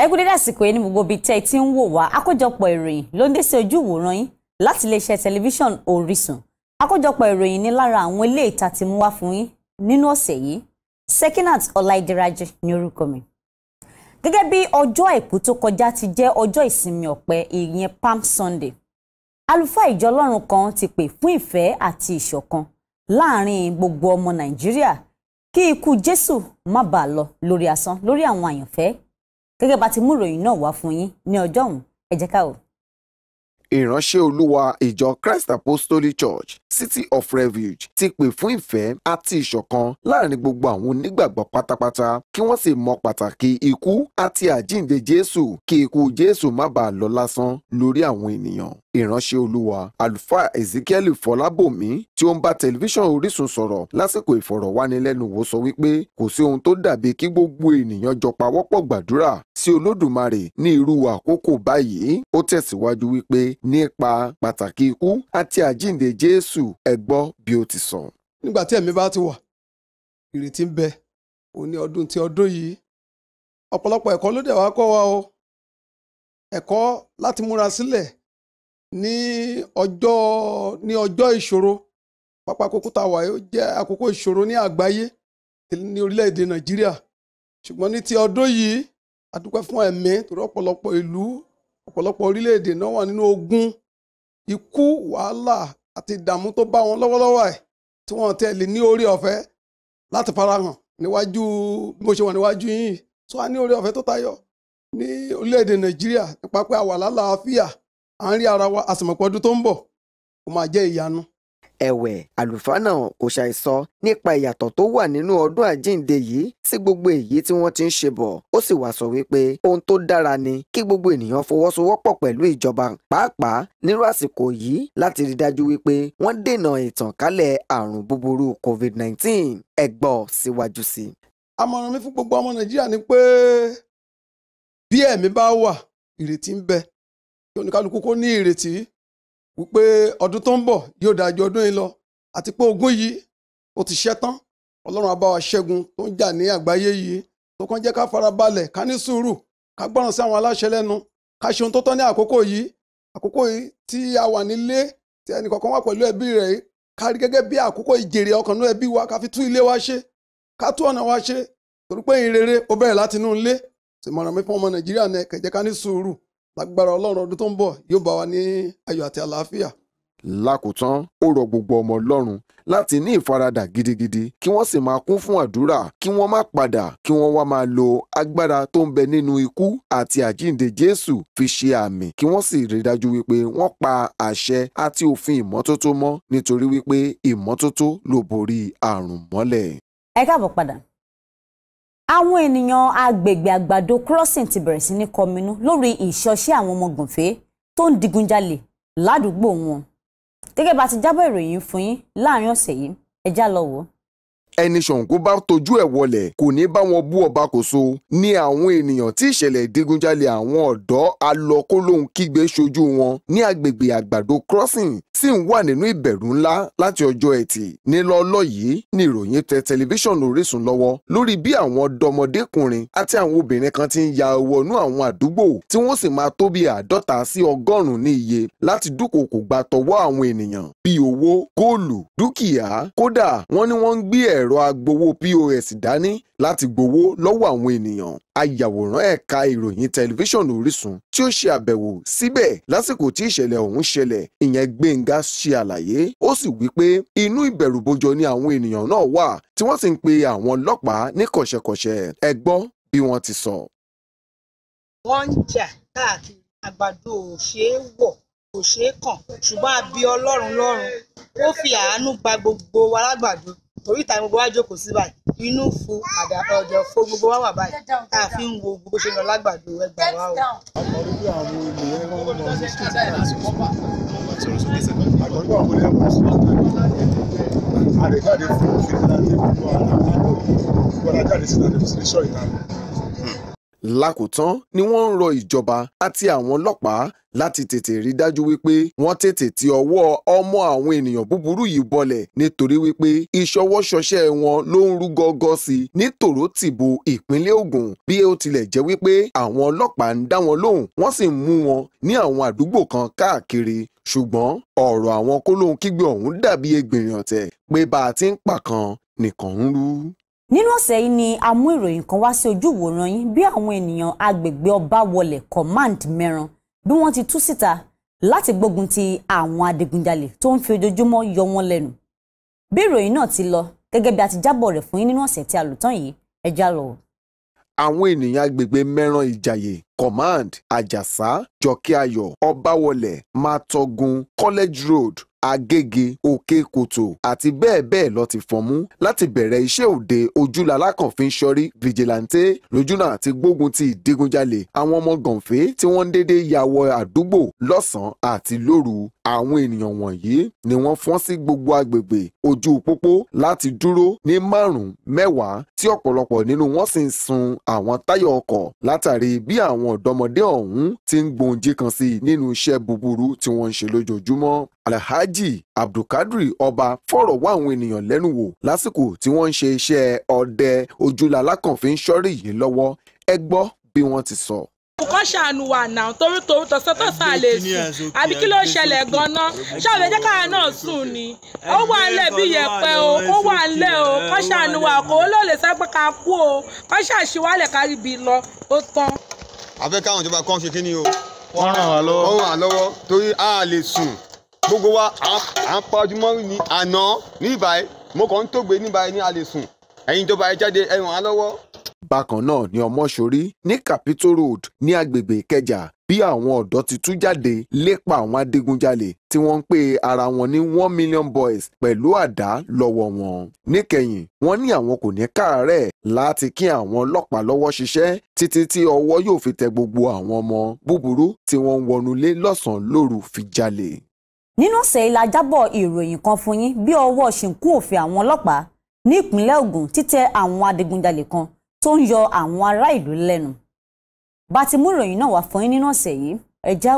ẹ kú dédé àsìkò yìí ní gbogbo ibi tẹ́ ẹ ti ń wò wá àkójọpọ̀ ìròyìn ló ń dé sí ojú ìwòran yín láti iléeṣẹ́ tẹlifíṣàn Orísun àkójọpọ̀ ìròyìn ní lára àwọn ilé ìta ti mú wá fún yín nínú ọ̀sẹ̀ yìí Sekinat Ọláìdíraje ní orúkọ mi. gẹ́gẹ́ bí ọjọ́ àìkú tó kọjá ti jẹ́ ọjọ́ ìsinmi ọ̀pẹ ìyẹn Palm Sunday alufa ìjọ Ọlọ́run kan ti pè fún ìfẹ́ àti ìṣọ̀kan láàrin gbogbo ọmọ Nàìjíríà kí ikú Jésù má bàa lọ lórí asán lórí àwọn àyànfẹ́ gẹ́gẹ́ bá ti mú ìròyìn náà wá fún yín ní ọjọ́ ọ̀hún ẹ ká wò. ìránṣẹ́ olúwa ìjọ Christ Apostolic Church City of Refuge ti pè fún ìfẹ́ àti ìṣọ̀kan láàrin gbogbo àwọn onígbàgbọ́ pátápátá kí wọ́n sì mọ pàtàkì ikú àti àjíǹde Jésù kí ikú Jésù má bàa lọ lásán lórí àwọn ènìyàn ìránṣẹ́ olúwa àlùfáà ezekiel fọlábòmí tí ó ń bá tẹlifíṣàn orísun sọ̀rọ̀ lásìkò ìfọ̀rọ̀wánilẹ́nuwò sọ wípé kò sí ohun tó dàbí kí gbogbo ènìyàn jọ pawọ́pọ̀ gbàdúrà sí olódùmarè ní irú àkókò báyìí ó tẹ̀síwájú wípé nípa pàtàkì ikú àti àjíǹde jésù jésù ẹ gbọ́ bí ó ti sọ. nígbà tí ẹ̀mí bá ti wà ìrètí ń bẹ òun ọdún ti ọdún yìí ọ̀pọ̀lọpọ̀ ẹ̀kọ́ ló dẹ̀ wá kọ́ wa o ẹ̀kọ́ láti múra sílẹ̀ ní ọjọ́ ní ọjọ́ ìṣòro pápá àkókò tá a wà yóò jẹ́ àkókò ìṣòro ní àgbáyé ní orílẹ̀-èdè nàìjíríà ṣùgbọ́n ní ti ọdún yìí a dúpẹ́ fún ẹ̀mí torí ọ̀pọ̀lọpọ̀ ìlú ọ̀pọ̀lọpọ̀ orílẹ̀-èdè náà wà nínú ogun ikú wàhálà àti ìdààmú tó bá wọn lọ́wọ́lọ́wọ́ ẹ̀ tí wọ́n tẹ̀ lè ní orí ọ̀fẹ́ láti farahàn níwájú bí mo ṣe wà níwájú yìí tó a ní orí ọ̀fẹ́ tó tayọ ní orílẹ̀-èdè nàìjíríà nípa pé àwa lálàáfíà à ń rí ara wa àsìmọ̀pọ̀ ọdún tó ń bọ̀ ó máa jẹ́ ìyanu ẹ̀wẹ̀ àlùfáà náà kò ṣàìsọ nípa ìyàtọ̀ tó wà nínú ọdún àjíǹde yìí sí gbogbo èyí tí wọ́n ti ń ṣe bọ̀ ó sì wá sọ wípé ohun tó dára ni kí gbogbo ènìyàn fọwọ́sowọ́pọ̀ pẹ̀lú ìjọba pàápàá nírú àsìkò yìí láti rí dájú wípé wọ́n dènà ìtànkálẹ̀ àrùn búburú covid-19 ẹ gbọ́ síwájú sí i. àmọ̀ràn mi fún gbogbo ọmọ nàìjíríà ni pé bí ẹ̀mí bá wà ìrètí ń bẹ wípé ọdún tó ń bọ̀ yóò dáa ju ọdún yìí lọ àti pé ogun yìí ó ti ṣẹ́ tán ọlọ́run á bá wa ṣẹ́gun tó ń jà ní àgbáyé yìí tó kàn jẹ́ ká farabalẹ̀ ká ní sùúrù ká gbọ́ràn sí àwọn aláṣẹ lẹ́nu ká ṣe ohun tó tọ́ ní àkókò yìí àkókò yìí tí a wà nílé tí ẹnì kọ̀ọ̀kan wà pẹ̀lú ẹbí rẹ̀ yìí ká rí gẹ́gẹ́ bí àkókò ìjèrè ọkànnú ẹbí wa ká fi tún ilé wa lágbára ọlọ́run ọdún tó ń bọ̀ yóò bá wa ní ayọ̀ àti àlàáfíà. lákòótán ó rọ gbogbo ọmọ ọlọ́run láti ní ìfaradà gidigidi kí wọ́n sì máa kún fún àdúrà kí wọ́n má padà kí wọ́n wá máa lo agbára tó ń bẹ nínú ikú àti àjíǹde jésù fi ṣe àmì kí wọ́n sì rí dájú wípé wọ́n pa àṣẹ àti òfin ìmọ́tótó mọ́ nítorí wípé ìmọ́tótó ló borí àrùn mọ́lẹ̀. ẹ káàbọ̀ padà àwọn ènìyàn agbègbè àgbàdo crossing ti bẹ̀rẹ̀ sí ní kọminú lórí ìṣọṣẹ́ àwọn ọmọ gànfẹ́ tó ń digunjalè ládùúgbò wọn gẹ́gẹ́ bá ti jábọ̀ ìròyìn fún yín láàrin ọ̀sẹ̀ yìí ẹ já lọ ẹni ṣọ̀ǹkó bá tojú ẹ̀ wọlẹ̀ kò ní bá wọn bú ọba kò so ní àwọn ènìyàn tí ìṣẹ̀lẹ̀ ìdigunjalè àwọn ọ̀dọ́ alọ́kólóhùn kígbe ṣojú wọn ní agbègbè àgbàdo crossing sì ń wà nínú ìbẹ̀rù ńlá láti ọjọ́ ẹtì nílọ́ọ́lọ́ yìí ní ìròyìn tẹ tẹlifíṣàn Orísun lọ́wọ́ lórí bí àwọn dọmọdékùnrin àti àwọn obìnrin kan ti ń ya wọnú àwọn àdúgbò tí wọ́n sì máa tó bí àádọ́ta sí ọgọ́rùn-ún ní iye láti dúkòkò gbà tọwọ́ àwọn ènìyàn bíi owó góòlù dúkìá kódà wọ́n ní wọ́n ń gbé ẹ̀ ẹ̀rọ agbowó POS dání láti gbowó lọ́wọ́ àwọn ènìyàn ayàwòrán ẹ̀ka ìròyìn tẹlifíṣàn Orísun tí ó ṣe àbẹ̀wò síbẹ̀ lásìkò tí ìṣẹ̀lẹ̀ ọ̀hún ṣẹlẹ̀ ìyẹn Gbénga ṣe àlàyé ó sì wí pé inú ìbẹ̀rùbojo ni àwọn ènìyàn náà wà tí wọ́n sì ń pe àwọn ọlọ́pàá ní kọ̀ṣẹ̀kọ̀ṣẹ̀ ẹ bí wọ́n ti sọ. wọ́n ń jà káàkiri àgbàdo ò ṣeé wọ̀ kò ṣeé kàn ṣùgbọ́n a bí Ọlọ́run lọ́run ó fi àánú gba gbogbo wa lágbàdo torí ìta gbogbo wa jókòó sí báyìí inú fu àdá ọ̀dọ̀ fo gbogbo wa wà báyìí tá a fi ń wo gbogbo ṣe lọ lágbàdo ẹgbà wa o. àdéjáde fún òfin ìlànà ìlú àwọn àdó gbọdọ̀ jáde sí ìlànà ìfisílẹ̀ sọ ìlànà lákòótán ni wọ́n ń rọ ìjọba àti àwọn ọlọ́pàá láti tètè rí dájú wípé wọ́n tètè ti ọwọ́ ọmọ àwọn ènìyàn búburú yìí bọlẹ̀ nítorí wípé ìṣọwọ́ṣọṣẹ́ wọn ló ń rú gọ́gọ́ sí i ní tòrótìbò ìpínlẹ̀ Ògùn bí ó tilẹ̀ jẹ́ wípé àwọn ọlọ́pàá ń dá wọn lóhùn wọ́n sì ń mú wọn ní àwọn àdúgbò kan káàkiri ṣùgbọ́n ọ̀rọ̀ àwọn kólóhùn kígbe ọ̀hún dàbí egbìnrìn ọ̀tẹ̀ pé bá a ti ń pàkan nìkan ń rú nínú ọ̀sẹ̀ yìí ni a mú ìròyìn kan wá sí ojú ìwòran yín bí àwọn ènìyàn agbègbè Ọbáwọlé command Mẹ́ran bí wọ́n ti tú síta láti gbógun ti àwọn adigunjalè tó ń fi ojoojúmọ́ yọ wọ́n lẹ́nu bí ìròyìn náà ti lọ gẹ́gẹ́ bí a ti jábọ̀ rẹ̀ fún yín nínú ọ̀sẹ̀ tí a lò tán yìí ẹ já lọ. àwọn ènìyàn agbègbè Mẹ́ran Ìjàyè command Àjàsá Jọkẹ́ Ayọ̀ Ọbáwọlé Matogun College Road agége òkè kòtò àti bẹ́ẹ̀ bẹ́ẹ̀ lọ ti fọ́n mú láti bẹ̀rẹ̀ iṣẹ́ òde ojúlá alákànfin sọrí fìjìláńtẹ́ lójúnà àti gbógun ti ìdígunjalè àwọn ọmọ gànfẹ́ tí wọ́n ń dédé ya wọ àdúgbò lọ́sàn-án àti lóru àwọn ènìyàn wọ̀nyí ni wọ́n fọ́n sí gbogbo agbègbè ojú pópó láti dúró ní márùn-ún mẹ́wàá tí ọ̀pọ̀lọpọ̀ nínú wọn sì ń sun àwọn táyà ọkọ̀ látàrí bí àwọn ọ̀dọ́mọdé ọ̀hún ti ń gbòǹjì kan sí nínú iṣẹ́ búburú tí wọ́n ń ṣe lójoojúmọ́ alhaji abdulkadri ọba fọ̀rọ̀ wá àwọn ènìyàn lẹ́nu wò lásìkò tí wọ́n ń ṣe iṣẹ́ ọdẹ ojúlá alákànfí ń ṣọ́rí yìí lọ́wọ́ ẹ gbọ́ bí wọ́n ti sọ kọ́ ṣàánú wa náà torí torí tọ̀sán tọ̀sán àlè sùn àbí kí ló ṣẹlẹ̀ gan-an ṣọ́ọ̀bù ẹ̀jẹ̀ káà náà sùn ni ó wà ńlẹ̀ bí yẹ̀pẹ̀ o ó wà ńlẹ̀ o kọ́ ṣàánú wa kò ó lè sọ ká kú o kọ́ ṣàṣìwálẹ̀ kárí ibi lọ ó tán. a fẹ́ káwọn ìjọba kan ṣe kí ni o wọ́n ràn wá lọ́wọ́ torí a lè sùn gbogbo wa à ń pàjù mọ́ ní àná ní ìbáyé mo kàn ń tògbé ní ìbáyé ní alẹ́ ẹ̀yin ìjọba ẹ jáde ẹ ràn lọ́wọ́. bákan náà ni ọmọṣorí ní capito road ní agbègbè ìkẹjà bí àwọn ọ̀dọ́ ti tú jáde lépa àwọn adigunjalè tí wọ́n ń pè ara wọn ní one million boys pẹ̀lú àdá lọ́wọ́ wọn. níkẹyìn wọ́n ní àwọn kò ní káàárẹ̀ láti kí àwọn ọlọ́pàá lọ́wọ́ ṣiṣẹ́ títí tí ọwọ́ yóò fi tẹ gbogbo àwọn ọmọ búburú tí wọ́n ń wọnú lé lọ́sàn-án lóru fi jalè nínú ọ̀sẹ̀ yìí la jábọ̀ ìròyìn kan fún yín bí ọwọ́ ṣìnkú òfin àwọn ọlọ́pàá ní ìpínlẹ̀ Ògùn títẹ àwọn adigunjalè kan tó ń yọ àwọn ará ìlú lẹ́nu bá ti mú ìròyìn náà wá fún yín nínú ọ̀sẹ̀ yìí ẹ já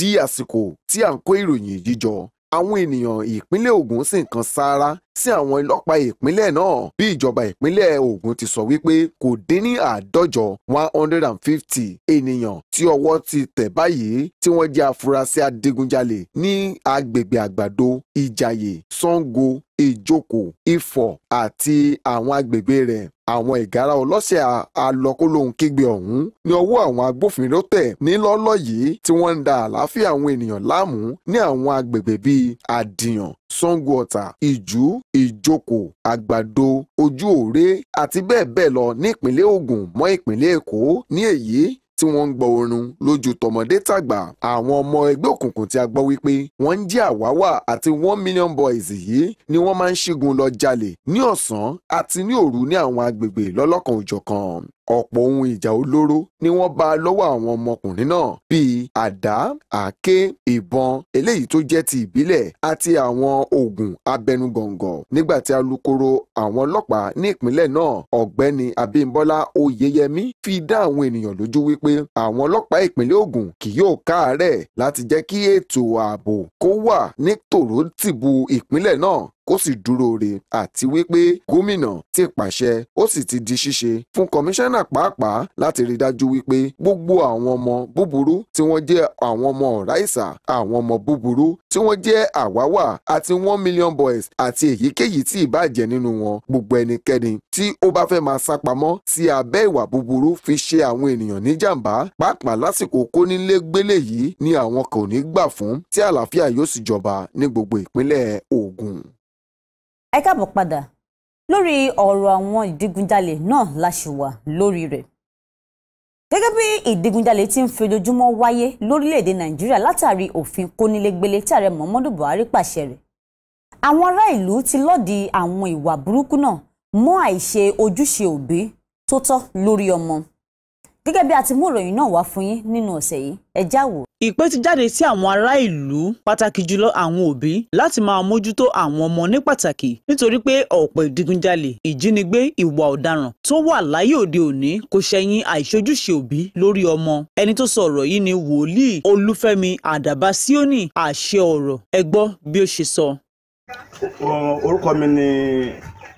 di àsìkò tí à ń kó ìròyìn yìí jọ àwọn ènìyàn ìpínlẹ̀ Ògùn sì ń kan sáárá sí àwọn ọlọ́pàá ìpínlẹ̀ náà bí ìjọba ìpínlẹ̀ Ògùn ti sọ wípé kò dín ní àádọ́jọ one hundred and fifty ènìyàn tí ọwọ́ ti tẹ̀ báyìí tí wọ́n jẹ́ afurasí adigunjalè ní agbègbè àgbàdo ìjàyè Ṣàngó ìjókòó ifọ̀ àti àwọn agbègbè rẹ̀ àwọn ìgárá ọlọ́sẹ̀ alọ́kólóhùn kígbe ọ̀hún ní ọwọ́ àwọn agbófinró tẹ̀ nílọ́lọ́ yìí tí wọ́n ń da àlàáfíà àwọn ènìyàn láàmú ní àwọn agbègbè bíi àdìyàn sango-ọ̀tà ìjú ìjókòó àgbàdo ojú òré àti bẹ́ẹ̀ bẹ́ẹ̀ lọ nípínlẹ̀ Ògùn mọ́ ìpínlẹ̀ Èkó ní èyí tí wọ́n ń gbọ́ oorun lójú tọmọdé tàgbà àwọn ọmọ ẹgbẹ́ òkùnkùn tí a gbọ́ wípé wọ́n ń jẹ́ àwáwà àti one million boys yìí ni wọ́n máa ń ṣígun lọ jalè ní ọ̀sán àti ní òru ní àwọn agbègbè lọ́lọ́kan ò ọ̀pọ̀ ohun ìjà olóró ni wọ́n bá lọ́wọ́ àwọn ọmọkùnrin náà bíi àdá àáké ìbọn eléyìí tó jẹ́ ti ìbílẹ̀ àti àwọn oògùn abẹnugọ̀ngọ̀ nígbà tí alukoro àwọn ọlọ́pàá ní ìpínlẹ̀ náà ọ̀gbẹ́ni abímbọ́lá oyeyẹmí fi dá àwọn ènìyàn lójú wípé àwọn ọlọ́pàá ìpínlẹ̀ ògùn kì yóò káàárẹ̀ láti jẹ́ kí ètò ààbò kó wà ní tòrótìbù ìpínlẹ̀ náà kó sì dúró re àti wípé gómìnà ti pàṣẹ ó sì ti di ṣíṣe fún kọmíṣánná pàápàá láti rí dájú wípé gbogbo àwọn ọmọ búburú tí wọ́n jẹ́ àwọn ọmọ ọ̀ráìsà àwọn ọmọ búburú tí wọ́n jẹ́ àwáwà àti one million boys àti èyíkéyìí tí ìbàjẹ́ nínú wọn gbogbo ẹnikẹ́ni tí ó bá fẹ́ máa sá pamọ́ sí abẹ́ ìwà búburú fi ṣe àwọn ènìyàn níjàmbá pàápàá lásìkò kónílégbélé yìí ni àwọn kò ní gbà fún tí àlàáfíà yóò sì jọba ní gbogbo ìpínlẹ̀ Ògùn ẹ káàbọ̀ padà lórí ọ̀rọ̀ àwọn ìdígunjalè náà la ṣì wà lórí rẹ̀ gẹ́gẹ́ bí ìdígunjalè ti ń fojoojúmọ́ wáyé lórílẹ̀‐èdè nàìjíríà látàrí òfin kónílégbélé tí ààrẹ muhammadu buhari pàṣẹ rẹ̀ àwọn ará ìlú ti lòdì àwọn ìwà burúkú náà mọ́ àìṣe ojúṣe òbí tó tọ́ lórí ọmọ gẹ́gẹ́ bí a ti mú ìròyìn náà wá fún yín nínú ọ̀sẹ̀ yìí ẹ já wò Ìpè ti jáde sí àwọn ará ìlú pàtàkì jùlọ àwọn òbí láti máa mójútó àwọn ọmọ ní pàtàkì nítorí pé ọ̀pọ̀ ìdigunjalè ìjínigbé ìwà ọ̀daràn tó wà láyé òde òní kò ṣẹ̀yìn àìṣojúṣe òbí lórí ọmọ ẹni tó sọ ọ̀rọ̀ yìí ni wòlíì Olúfẹ́mi Àdàbà àṣẹ ọ̀rọ̀ ẹ bí ó ṣe sọ. orúkọ mi ni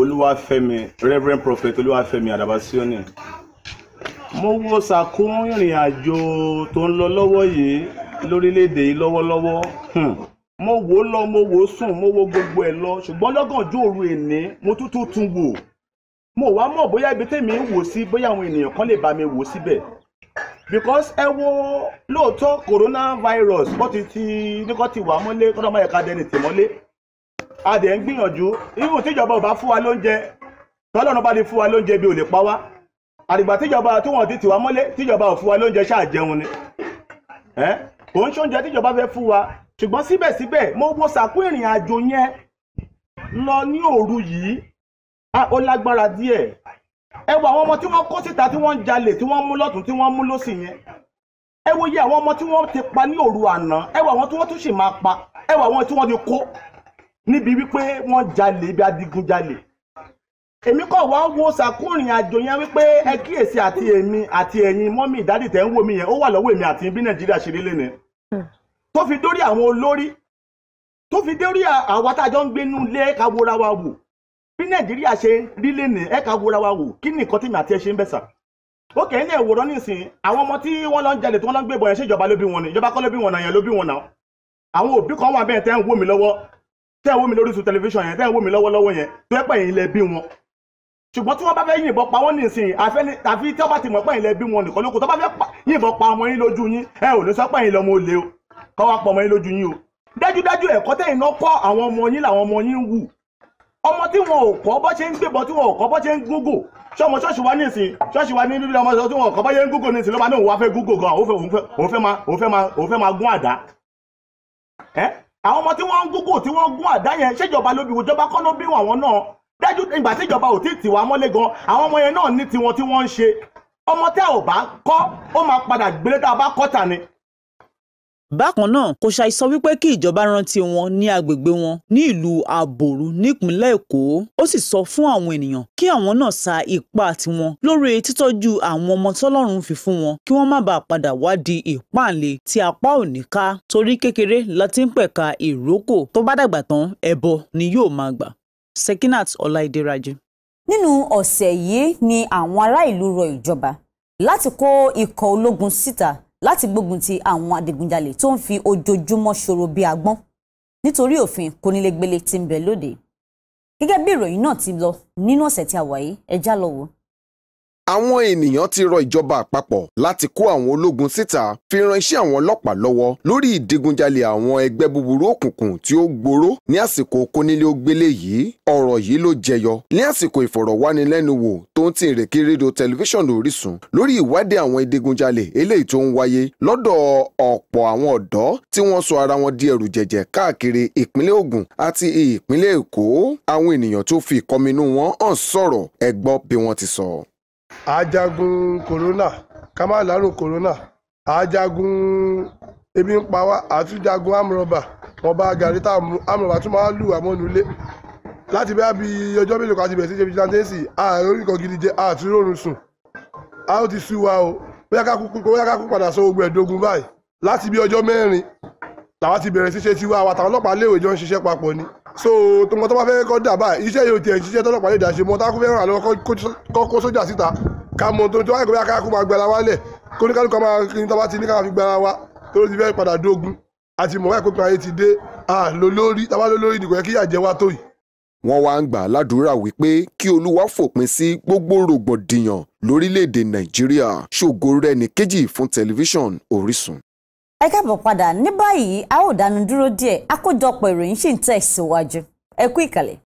Olúwafẹ́mi Reverend Prophet Olúwafẹ́mi Àdàbà Síónì mo wo sàkún ìrìn àjò tó ń lọ lọ́wọ́ yìí lórílẹ̀‐èdè yìí lọ́wọ́lọ́wọ́ hmm. mo wò ó lọ mo wò ó sùn mo wo gbogbo ẹ̀ lọ ṣùgbọ́n lọ́gànjọ́ òru èní mo tún tún tún wò mo wá mọ̀ bóyá ibi tèmi ń wò sí bóyá àwọn ènìyàn kan lè bá mi wò síbẹ̀ because ẹ wo lóòótọ́ coronavirus bó ti ti nígbà tí wà mọ́lé kọ́ńtà máa yẹ ká dẹni tì mọ́lé a dẹ̀ ń gbìyànjú irú tíjọba ò bá fún wa lóúnjẹ tọ́lọ́run bá ní fún wa lóúnjẹ bí ò lè pa wá àdìgbà tíjọba tí wọ́n ti tì wá mọ́lé tíjọba ò fún wa lóúnjẹ ṣáà jẹun ni kò ń ṣóúnjẹ tíjọba fẹ́ fún wa ṣùgbọ́n síbẹ̀síbẹ̀ mo wo sàkó ìrìn àjò yẹn lọ ní òru yìí ó lágbára díẹ̀ ẹ wo àwọn ọmọ tí wọ́n kó síta tí wọ́n ń jalè tí wọ́n mú lọ́tún tí wọ́n mú lọ́sì yẹn ẹ wo iye àwọn ọmọ tí wọ́n ti pa ní òru àná ẹ wo àwọn tí wọ́n tún sì máa pa ẹ wo àwọn tí wọ́n ti kó níbi wípé wọ́n jalè ibi adigunjalè èmi kò wá wo sàkúrìn àjò yẹn wípé ẹ kíyèsí àti èmi àti ẹ̀yin mọ́mì ìdádì tẹ́ ń wò mí yẹn ó wà lọ́wọ́ èmi àti bí nàìjíríà ṣe lélẹ̀ ni hmm. tó fi dórí àwọn olórí tó fi dórí àwa tá a jọ ń gbé nú ilé ẹ̀ka wora wa wò bí nàìjíríà ṣe rí lẹ́nìí ẹ̀ka wora wa wò kí nìkan tí mi àti ẹ ṣe ń bẹ̀ sà ó kẹ́ ní ẹ̀wòrán nísìnyí àwọn ọmọ tí wọ́n lọ ń jalè tí wọ́n lọ ń gbé ìbọn yẹn ṣé ìjọba ló bí wọn ni ìjọba kọ́ ló bí wọn náà yẹn ló wọn náà àwọn òbí kan wà bẹ́ẹ̀ tẹ́ ń wò mí lọ́wọ́ tẹ́ ń wò mí lórí su tẹlifíṣàn yẹn tẹ́ ń wò mí lọ́wọ́ lọ́wọ́ yẹn tó ẹ́ pẹ̀yìn ilẹ̀ bí wọn ṣùgbọ́n tí wọ́n bá fẹ́ yìnbọn pa wọ́n nísìnyí àfi tí wọ́n bá ti mọ̀ pẹ́yìn lẹ́bí wọn nìkan lóko tó bá fẹ́ yìnbọn pa ọmọ yín lójú yín ẹ ò ní sọ pẹ́yìn lọ́mọ olè o kọ́ wa pọ̀ ọmọ yín lójú yín o dájúdájú ẹ̀kọ́ tẹ̀yìn náà kọ́ àwọn ọmọ yín làwọn ọmọ yín ń wù ọmọ tí wọn ò kọ́ bọ́ ṣe ń gbébọn tí wọn ò kọ́ bọ́ ṣe ń gúgò ṣọmọ ṣọ́ọ̀ṣì wa nísìn ṣọ́ọ̀ṣì wa ní bíbí ọmọ tí wọn ò kọ́ bọ́ ṣe ń gúgò nísìn ló máa ní òun wá fẹ́ gúgò gan òun fẹ́ máa gún àdá àwọn ọmọ tí wọ́n ń gúgò tí wọ́n ń gún àdá yẹn ṣèjọba ló ìjọba kọ́ ló bí wọn náà dájú ìgbà tí ìjọba ò tí ì tì wá mọ́lé gan àwọn ọmọ yẹn náà ní tiwọn tí wọ́n ń ṣe ọmọ tí a ò bá kọ́ ó máa padà gbélé tá a bá kọ́ tà ni. bákan náà kò ṣàìsọ wípé kí ìjọba rántí wọn ní agbègbè wọn ní ìlú àbòrú nípínlẹ̀ èkó ó sì sọ fún àwọn ènìyàn kí àwọn náà sa ipá tiwọn lórí títọ́jú àwọn ọmọ tọ́lọ́run fi fún wọn kí wọ́n má bàa padà wá di ìpáǹle tí apá ò ní ká torí kékeré la ti ń pẹ̀ka ìrókò tó bá dàgbà tán ẹbọ ni yóò máa gbà. Sekinat Ọláìdéraju. Nínú ọ̀sẹ̀ yìí ni àwọn ará ìlú rọ ìjọba láti kó ikọ̀ ológun síta láti gbógun ti àwọn adigunjalè tó ń fi ojoojúmọ́ ṣòro bíi agbọ́n nítorí òfin kónílégbélé tí ń bẹ lóde. Gẹ́gẹ́ bí ìròyìn náà ti lọ nínú ọ̀sẹ̀ tí a wà yìí ẹ já àwọn ènìyàn ti rọ ìjọba àpapọ̀ láti kó àwọn ológun síta fi ran iṣẹ́ àwọn ọlọ́pàá lọ́wọ́ lórí ìdigunjalè àwọn ẹgbẹ́ búburú òkùnkùn tí ó gbòòrò ní àsìkò kónílé-ó-gbélé yìí ọ̀rọ̀ yìí ló jẹyọ ní àsìkò ìfọ̀rọ̀wánilẹ́nuwò tó ń ti ìrèké rédíò tẹlifíṣàn Orísun lórí ìwádìí àwọn ìdigunjalè eléyìí tó ń wáyé lọ́dọ̀ ọ̀pọ̀ àwọn ọ̀dọ́ tí wọ́n sọ ara wọn di ẹrù jẹ̀jẹ̀ káàkiri ìpínlẹ̀ Ògùn àti ìpínlẹ̀ Èkó àwọn ènìyàn tó fi ìkọminú wọn hàn sọ̀rọ̀ ẹ bí wọ́n ti sọ ajagun corona ká má lárùn corona ajagun ebi ń pa wá àtúnjagun amrọba wọn bá gàrí tá amrọba tún máa lù àmọ́ nulẹ̀ láti bá bí ọjọ́ mélòó kan ti bẹ̀rẹ̀ sí ṣe vigilante sí ààrẹ oríkan gidi jẹ àtúrórun sùn a ó ti sú wa o bóyá ká kúkú bóyá ká kú padà sọ ogun ẹ̀ẹ́dógún báyìí láti bí ọjọ́ mẹ́rin làwa ti bẹ̀rẹ̀ sí ṣe tiwa àwa àtàwọn ọlọ́pàá léèwé jọ ń ṣiṣẹ́ papọ̀ ni so tọmọ tó bá fẹ́ kọ́ dà báyìí iṣẹ́ yóò tiẹ̀ ṣiṣẹ́ tọ́lọ́pàá lè dà ṣe mọ́ táwọn fẹ́ràn àlọ́ kọ́kọ́ sójà síta ká mọ tó tó wáyé kó bí akáyà kó máa gbẹra wa lẹ̀ kó ní kálukọ́ máa kí ní tọ́ba ti ní ká fi gbẹra wa tó ló ti fẹ́ padà dógún àti mọ̀ wáyé kó kan ayé ti dé àlólórí tábà lólórí nìkan yẹ kí yà jẹ wá tó yìí wọ́n wá ń gbà ládùúrà wípé kí olúwa fòpin sí gbogbo rògbòdìyàn lórílẹ̀‐èdè nàìjíríà ṣògo rẹ̀ ní kejì fún tẹlifíṣàn orísun ẹ káàbọ̀ padà ní báyìí a ó dánu dúró díẹ̀ àkójọpọ̀ ìròyìn sì ń tẹ̀síwájú ẹ kú ìkàlẹ̀.